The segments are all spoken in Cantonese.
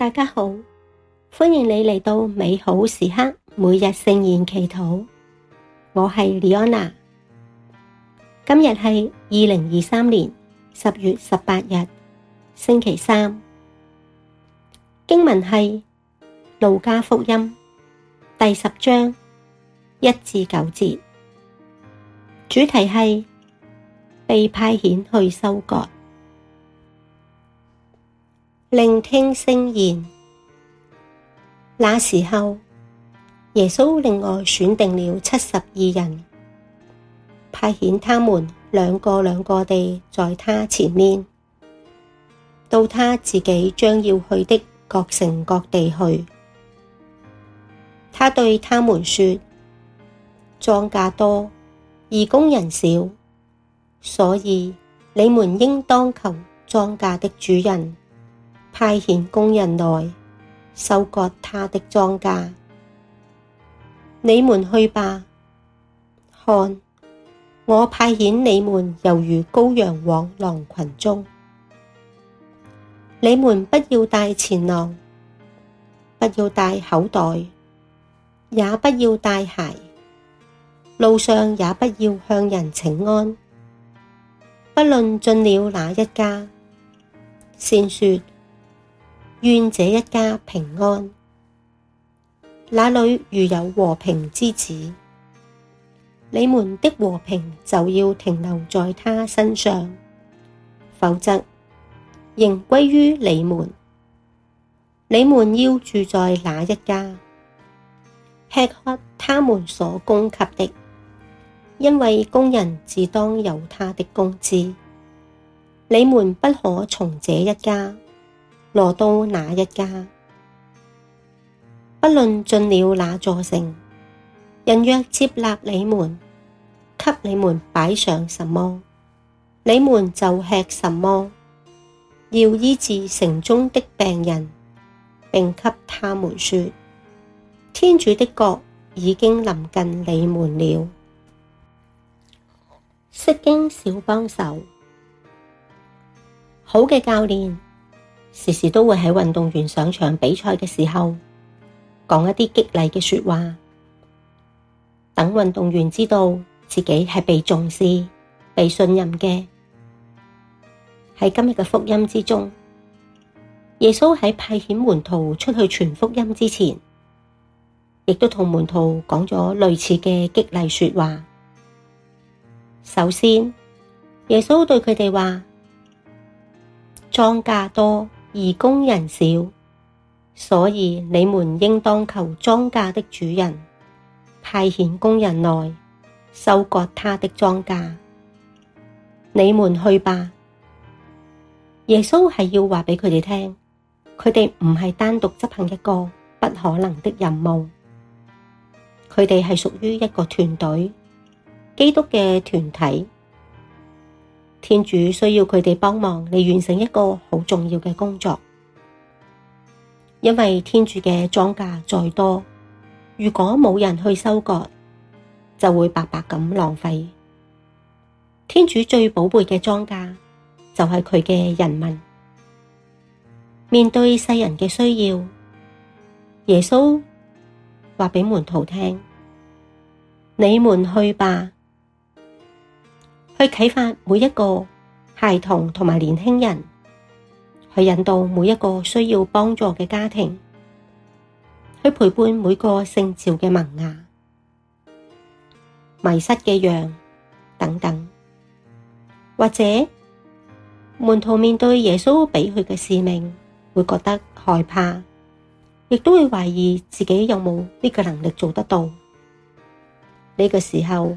大家好，歡迎你嚟到美好時刻，每日聖言祈禱。我係李安娜，今日係二零二三年十月十八日，星期三。經文係路加福音第十章一至九節，主題係被派遣去收割。聆聽聖言。那時候，耶穌另外選定了七十二人，派遣他們兩個兩個地在他前面，到他自己將要去的各城各地去。他對他們說：莊稼多而工人少，所以你們應當求莊稼的主人。派遣工人來收割他的莊稼，你們去吧。看，我派遣你們猶如羔羊往狼群中，你們不要帶錢囊，不要帶口袋，也不要帶鞋，路上也不要向人請安，不論進了哪一家，先說。願這一家平安。那裡如有和平之子，你們的和平就要停留在他身上，否則仍歸於你們。你們要住在那一家，吃喝他們所供給的，因為工人自當有他的工資。你們不可從這一家，挪到哪一家。不論進了哪座城，人若接納你們，給你們擺上什麼，你們就吃什麼。要醫治城中的病人，並給他們說：天主的國已經臨近你們了。釋經小幫手，好嘅教練。時時都會喺運動員上場比賽嘅時候講一啲激勵嘅說話，等運動員知道自己係被重視、被信任嘅。喺今日嘅福音之中，耶穌喺派遣門徒出去傳福音之前，亦都同門徒講咗類似嘅激勵說話。首先，耶穌對佢哋話，莊稼多。而工人少，所以你們應當求莊稼的主人，派遣工人來，收割他的莊稼。你們去吧！耶穌係要話畀佢哋聽，佢哋唔係單獨執行一個不可能的任務，佢哋係屬於一個團隊，基督嘅團體，天主需要佢哋幫忙嚟完成一個好重要嘅工作，因為天主嘅莊稼再多，如果冇人去收割，就會白白咁浪費。天主最寶貝嘅莊稼就係佢嘅人民，面對世人嘅需要，耶穌話畀門徒聽：「你們去吧。」去啟發每一個孩童同埋年輕人，去引導每一個需要幫助嘅家庭，去陪伴每個聖召嘅萌芽，迷失嘅羊等等，或者門徒面對耶穌俾佢嘅使命，會覺得害怕，亦都會懷疑自己有冇呢個能力做得到。呢個時候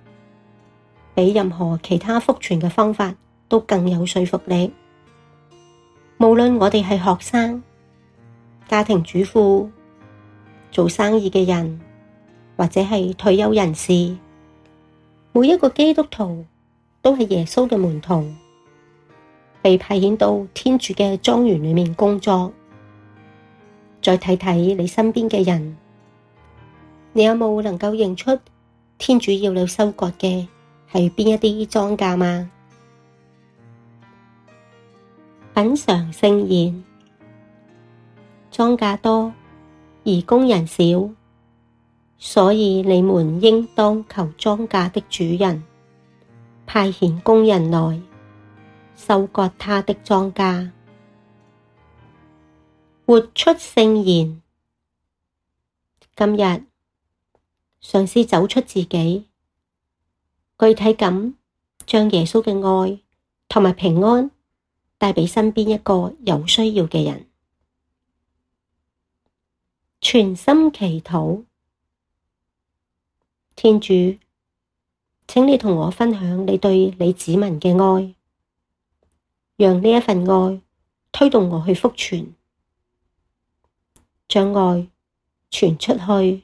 比任何其他福傳嘅方法都更有說服力。無論我哋係學生、家庭主婦、做生意嘅人，或者係退休人士，每一個基督徒都係耶穌嘅門徒，被派遣到天主嘅莊園裏面工作。再睇睇你身邊嘅人，你有冇能夠認出天主要你收割嘅，係邊一啲莊稼嗎？品嚐聖言，莊稼多而工人少，所以你們應當求莊稼的主人，派遣工人來，收割他的莊稼。活出聖言，今日嘗試走出自己。具體咁將耶穌嘅愛同埋平安帶畀身邊一個有需要嘅人，全心祈禱，天主，請你同我分享你對你子民嘅愛，讓呢一份愛推動我去福傳，將愛傳出去。